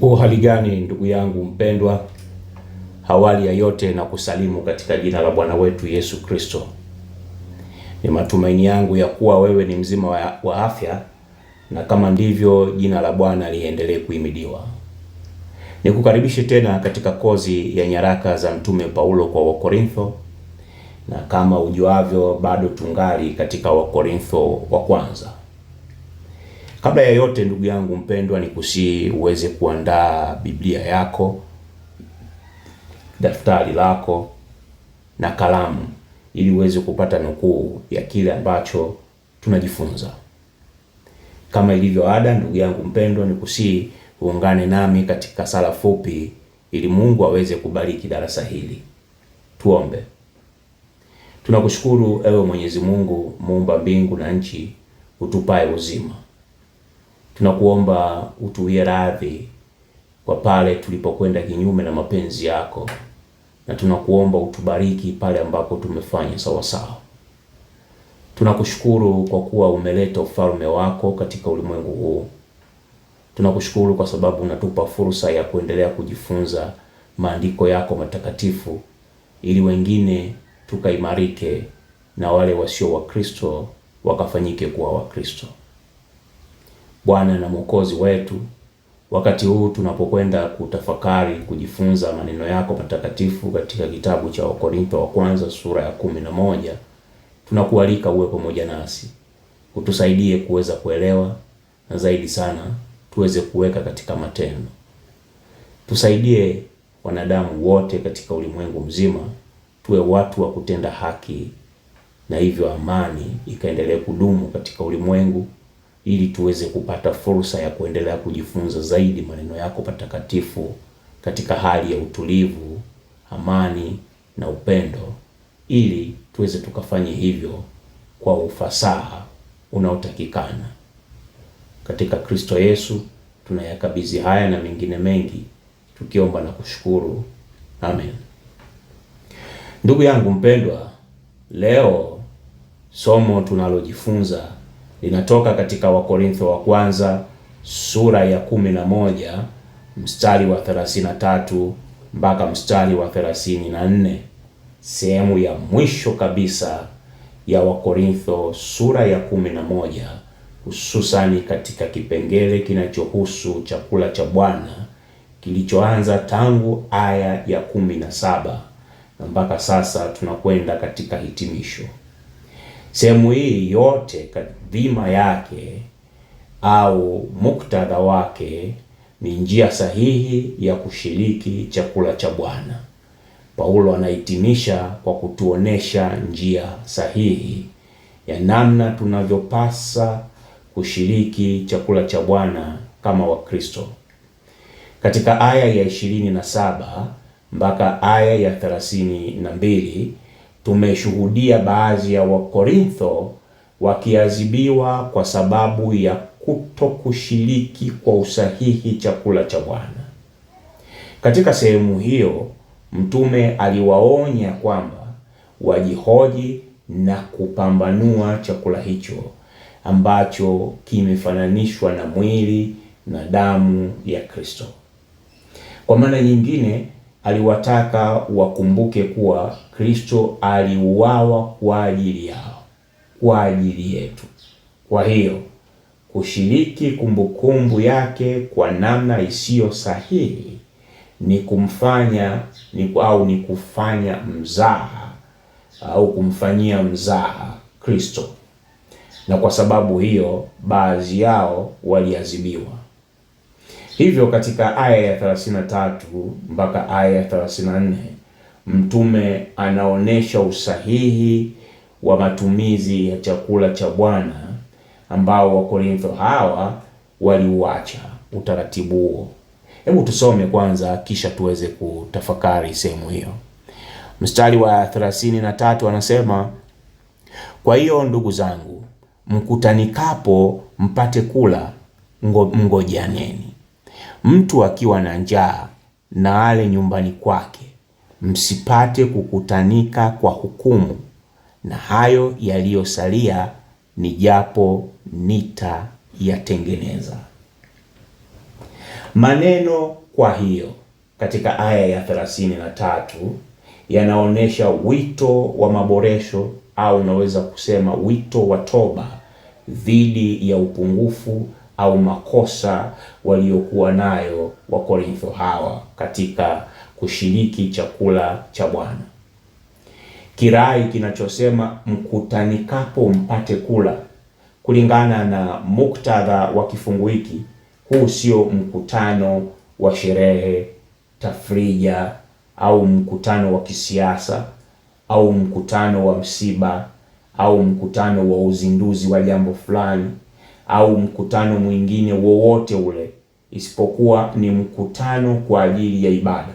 U haligani gani ndugu yangu mpendwa, hawali ya yote na kusalimu katika jina la Bwana wetu Yesu Kristo. Ni matumaini yangu ya kuwa wewe ni mzima wa, wa afya na kama ndivyo, jina la Bwana liendelee kuhimidiwa. Nikukaribishe tena katika kozi ya nyaraka za Mtume Paulo kwa Wakorintho, na kama ujuavyo, bado tungali katika Wakorintho wa kwanza. Kabla ya yote, ndugu yangu mpendwa, ni kusi uweze kuandaa Biblia yako, daftari lako na kalamu, ili uweze kupata nukuu ya kile ambacho tunajifunza. Kama ilivyo ada, ndugu yangu mpendwa, nikusii uungane nami katika sala fupi, ili Mungu aweze kubariki darasa hili. Tuombe. Tunakushukuru ewe Mwenyezi Mungu, muumba mbingu na nchi, utupae uzima Tunakuomba utuwie radhi kwa pale tulipokwenda kinyume na mapenzi yako, na tunakuomba utubariki pale ambapo tumefanya sawa sawa. Tunakushukuru kwa kuwa umeleta ufalme wako katika ulimwengu huu. Tunakushukuru kwa sababu unatupa fursa ya kuendelea kujifunza maandiko yako matakatifu ili wengine tukaimarike na wale wasio Wakristo wakafanyike kuwa Wakristo. Bwana na Mwokozi wetu, wakati huu tunapokwenda kutafakari kujifunza maneno yako matakatifu katika kitabu cha Wakorintho wa kwanza sura ya kumi na moja, tunakualika uwe pamoja nasi, utusaidie kuweza kuelewa na zaidi sana tuweze kuweka katika matendo. Tusaidie wanadamu wote katika ulimwengu mzima tuwe watu wa kutenda haki, na hivyo amani ikaendelee kudumu katika ulimwengu ili tuweze kupata fursa ya kuendelea kujifunza zaidi maneno yako patakatifu katika hali ya utulivu, amani na upendo, ili tuweze tukafanye hivyo kwa ufasaha unaotakikana. Katika Kristo Yesu tunayakabidhi haya na mengine mengi, tukiomba na kushukuru. Amen. Ndugu yangu mpendwa, leo somo tunalojifunza linatoka katika Wakorintho wa kwanza sura ya 11 mstari wa 33 mpaka mstari wa 34. Sehemu ya mwisho kabisa ya Wakorintho sura ya 11 hususani katika kipengele kinachohusu chakula cha Bwana kilichoanza tangu aya ya 17 na mpaka sasa tunakwenda katika hitimisho. Sehemu hii yote dhima yake au muktadha wake ni njia sahihi ya kushiriki chakula cha Bwana. Paulo anahitimisha kwa kutuonesha njia sahihi ya namna tunavyopasa kushiriki chakula cha Bwana kama Wakristo. Katika aya ya 27 mpaka aya ya 32 tumeshuhudia baadhi ya Wakorintho wakiadhibiwa kwa sababu ya kutokushiriki kwa usahihi chakula cha Bwana. Katika sehemu hiyo, mtume aliwaonya kwamba wajihoji na kupambanua chakula hicho ambacho kimefananishwa na mwili na damu ya Kristo. Kwa maana nyingine aliwataka wakumbuke kuwa Kristo aliuawa kwa ajili yao, kwa ajili yetu. Kwa hiyo kushiriki kumbukumbu yake kwa namna isiyo sahihi ni kumfanya ni, au ni kufanya mzaha au kumfanyia mzaha Kristo, na kwa sababu hiyo baadhi yao waliadhibiwa. Hivyo katika aya ya 33 mpaka aya ya 34 mtume anaonyesha usahihi wa matumizi ya chakula cha Bwana ambao Wakorintho hawa waliuacha utaratibu huo. Hebu tusome kwanza, kisha tuweze kutafakari sehemu hiyo. Mstari wa 33 anasema, kwa hiyo ndugu zangu, mkutanikapo mpate kula, mngojaneni. Mtu akiwa na njaa na ale nyumbani kwake, msipate kukutanika kwa hukumu, na hayo yaliyosalia ni japo nita yatengeneza Maneno kwa hiyo katika aya ya 33 na tatu yanaonyesha wito wa maboresho au unaweza kusema wito wa toba dhidi ya upungufu au makosa waliokuwa nayo Wakorintho hawa katika kushiriki chakula cha Bwana. Kirai kinachosema mkutanikapo mpate kula, kulingana na muktadha wa kifungu hiki, huu sio mkutano wa sherehe, tafrija au mkutano wa kisiasa au mkutano wa msiba au mkutano wa uzinduzi wa jambo fulani au mkutano mwingine wowote ule isipokuwa ni mkutano kwa ajili ya ibada.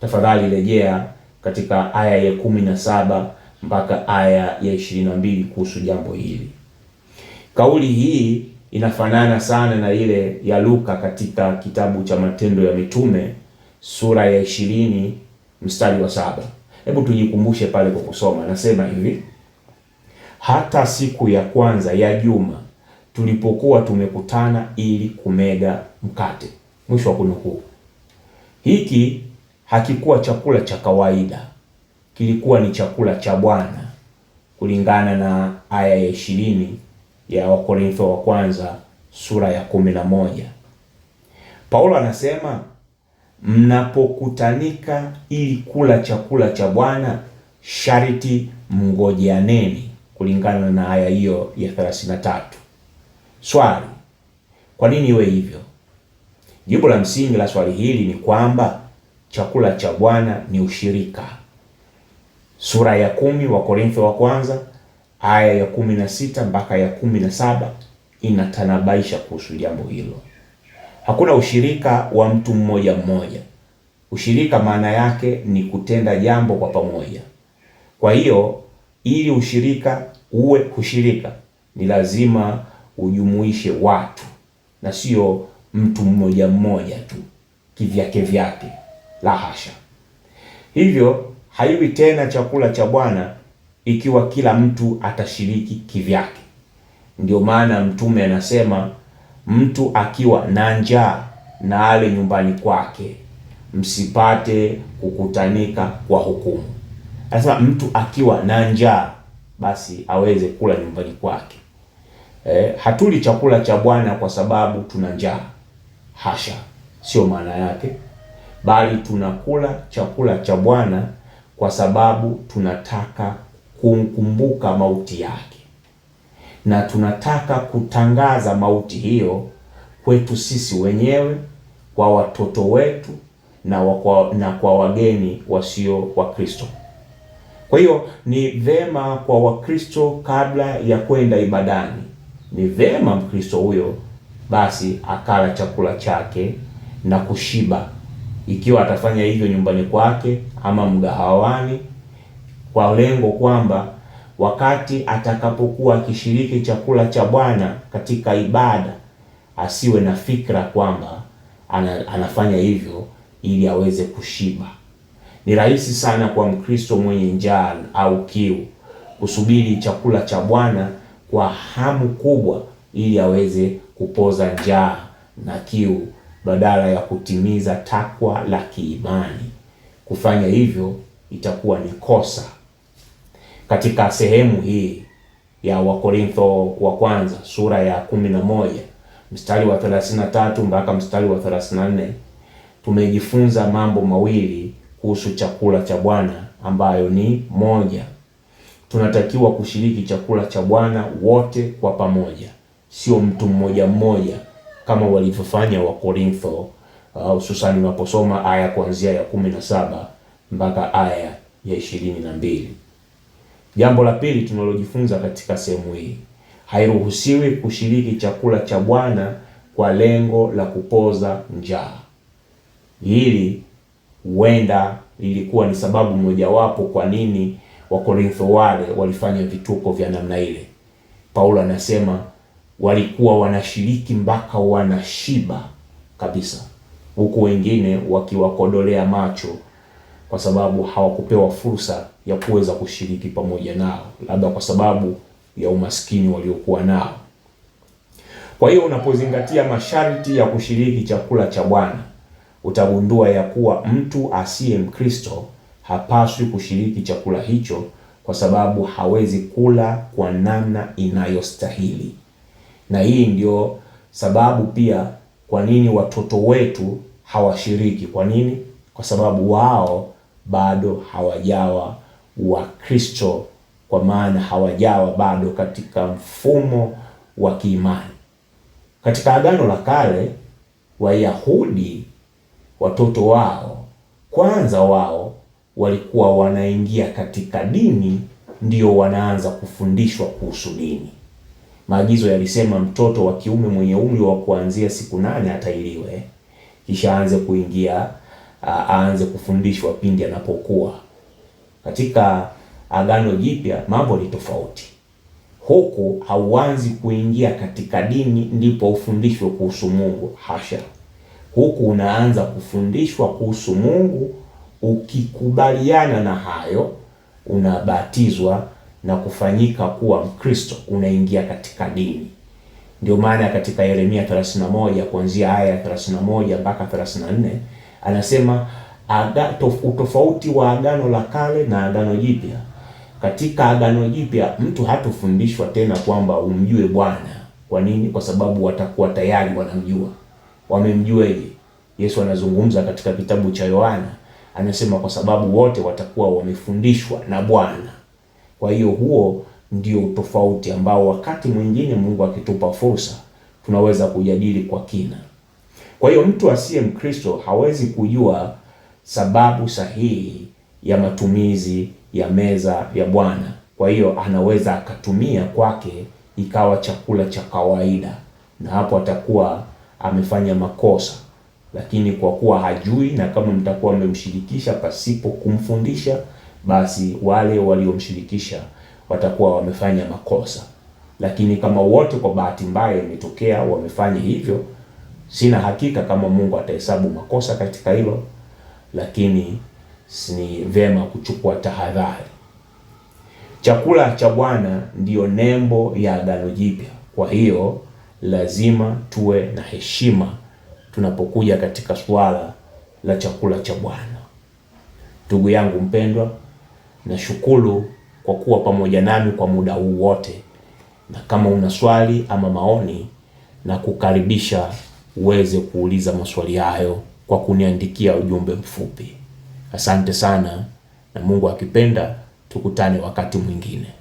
Tafadhali rejea katika aya ya kumi na saba mpaka aya ya ishirini na mbili kuhusu jambo hili. Kauli hii inafanana sana na ile ya Luka katika kitabu cha Matendo ya Mitume sura ya ishirini mstari wa saba. Hebu tujikumbushe pale kwa kusoma, nasema hivi: hata siku ya kwanza ya juma tulipokuwa tumekutana ili kumega mkate. Mwisho wa kunukuu. Hiki hakikuwa chakula cha kawaida, kilikuwa ni chakula cha Bwana kulingana na aya ya ishirini ya Wakorintho wa kwanza sura ya kumi na moja. Paulo anasema mnapokutanika ili kula chakula cha Bwana sharti mngojeaneni, kulingana na aya hiyo ya 33. Swali, kwa nini iwe hivyo? Jibu la msingi la swali hili ni kwamba chakula cha Bwana ni ushirika. Sura ya kumi wa Korintho wa kwanza aya ya kumi na sita mpaka ya kumi na saba inatanabaisha kuhusu jambo hilo. Hakuna ushirika wa mtu mmoja mmoja. Ushirika maana yake ni kutenda jambo kwa pamoja. Kwa hiyo ili ushirika uwe ushirika, ni lazima ujumuishe watu na sio mtu mmoja mmoja tu kivyake vyake, la hasha. Hivyo haiwi tena chakula cha Bwana ikiwa kila mtu atashiriki kivyake. Ndio maana Mtume anasema mtu akiwa na njaa na ale nyumbani kwake, msipate kukutanika kwa hukumu. Anasema mtu akiwa na njaa basi aweze kula nyumbani kwake eh, hatuli chakula cha Bwana kwa sababu tuna njaa. Hasha, sio maana yake, bali tunakula chakula cha Bwana kwa sababu tunataka kumkumbuka mauti yake na tunataka kutangaza mauti hiyo kwetu sisi wenyewe, kwa watoto wetu na wakwa, na kwa wageni wasio Wakristo. Kwa hiyo ni vema kwa Wakristo kabla ya kwenda ibadani ni vema Mkristo huyo basi akala chakula chake na kushiba, ikiwa atafanya hivyo nyumbani kwake ama mgahawani, kwa lengo kwamba wakati atakapokuwa akishiriki chakula cha Bwana katika ibada asiwe na fikra kwamba ana, anafanya hivyo ili aweze kushiba. Ni rahisi sana kwa Mkristo mwenye njaa au kiu kusubiri chakula cha Bwana kwa hamu kubwa ili aweze kupoza njaa na kiu badala ya kutimiza takwa la kiimani. Kufanya hivyo itakuwa ni kosa. Katika sehemu hii ya Wakorintho wa kwanza sura ya kumi na moja mstari wa 33 mpaka mstari wa 34 tumejifunza mambo mawili kuhusu chakula cha Bwana ambayo ni moja tunatakiwa kushiriki chakula cha Bwana wote kwa pamoja, sio mtu mmoja mmoja kama walivyofanya Wakorintho, hususan uh, unaposoma aya kuanzia ya kumi na saba mpaka aya ya ishirini na mbili. Jambo la pili tunalojifunza katika sehemu hii, hairuhusiwi kushiriki chakula cha Bwana kwa lengo la kupoza njaa. Hili huenda lilikuwa ni sababu mojawapo kwa nini Wakorintho wale walifanya vituko vya namna ile. Paulo anasema walikuwa wanashiriki mpaka wanashiba kabisa, huku wengine wakiwakodolea macho kwa sababu hawakupewa fursa ya kuweza kushiriki pamoja nao, labda kwa sababu ya umaskini waliokuwa nao. Kwa hiyo unapozingatia masharti ya kushiriki chakula cha Bwana utagundua ya kuwa mtu asiye Mkristo hapaswi kushiriki chakula hicho kwa sababu hawezi kula kwa namna inayostahili. Na hii ndio sababu pia kwa nini watoto wetu hawashiriki. Kwa nini? Kwa sababu wao bado hawajawa Wakristo, kwa maana hawajawa bado katika mfumo wa kiimani. Katika Agano la Kale, Wayahudi watoto wao kwanza wao walikuwa wanaingia katika dini ndio wanaanza kufundishwa kuhusu dini. Maagizo yalisema mtoto wa kiume mwenye umri wa kuanzia siku nane atailiwe, kisha aanze kuingia aanze kufundishwa pindi anapokuwa. Katika Agano Jipya mambo ni tofauti. Huku hauanzi kuingia katika dini ndipo ufundishwe kuhusu Mungu, hasha. Huku unaanza kufundishwa kuhusu Mungu Ukikubaliana na hayo, unabatizwa na kufanyika kuwa Mkristo, unaingia katika dini. Ndio maana katika Yeremia 31 kuanzia aya ya 31 mpaka 34 anasema aga, tof, utofauti wa agano la kale na agano jipya. Katika agano jipya mtu hatofundishwa tena kwamba umjue Bwana. Kwa nini? Kwa sababu watakuwa tayari wanamjua. Wamemjuaje? Yesu anazungumza katika kitabu cha Yohana Anasema kwa sababu wote watakuwa wamefundishwa na Bwana. Kwa hiyo huo ndio tofauti ambao wakati mwingine Mungu akitupa fursa tunaweza kujadili kwa kina. Kwa hiyo mtu asiye Mkristo hawezi kujua sababu sahihi ya matumizi ya meza ya Bwana. Kwa hiyo anaweza akatumia kwake ikawa chakula cha kawaida, na hapo atakuwa amefanya makosa lakini kwa kuwa hajui, na kama mtakuwa mmemshirikisha pasipo kumfundisha, basi wale waliomshirikisha watakuwa wamefanya makosa. Lakini kama wote kwa bahati mbaya imetokea wamefanya hivyo, sina hakika kama Mungu atahesabu makosa katika hilo, lakini ni vema kuchukua tahadhari. Chakula cha Bwana ndiyo nembo ya agano jipya, kwa hiyo lazima tuwe na heshima tunapokuja katika swala la chakula cha Bwana. Ndugu yangu mpendwa, nashukuru kwa kuwa pamoja nami kwa muda huu wote, na kama una swali ama maoni, na kukaribisha uweze kuuliza maswali hayo kwa kuniandikia ujumbe mfupi. Asante sana, na Mungu akipenda tukutane wakati mwingine.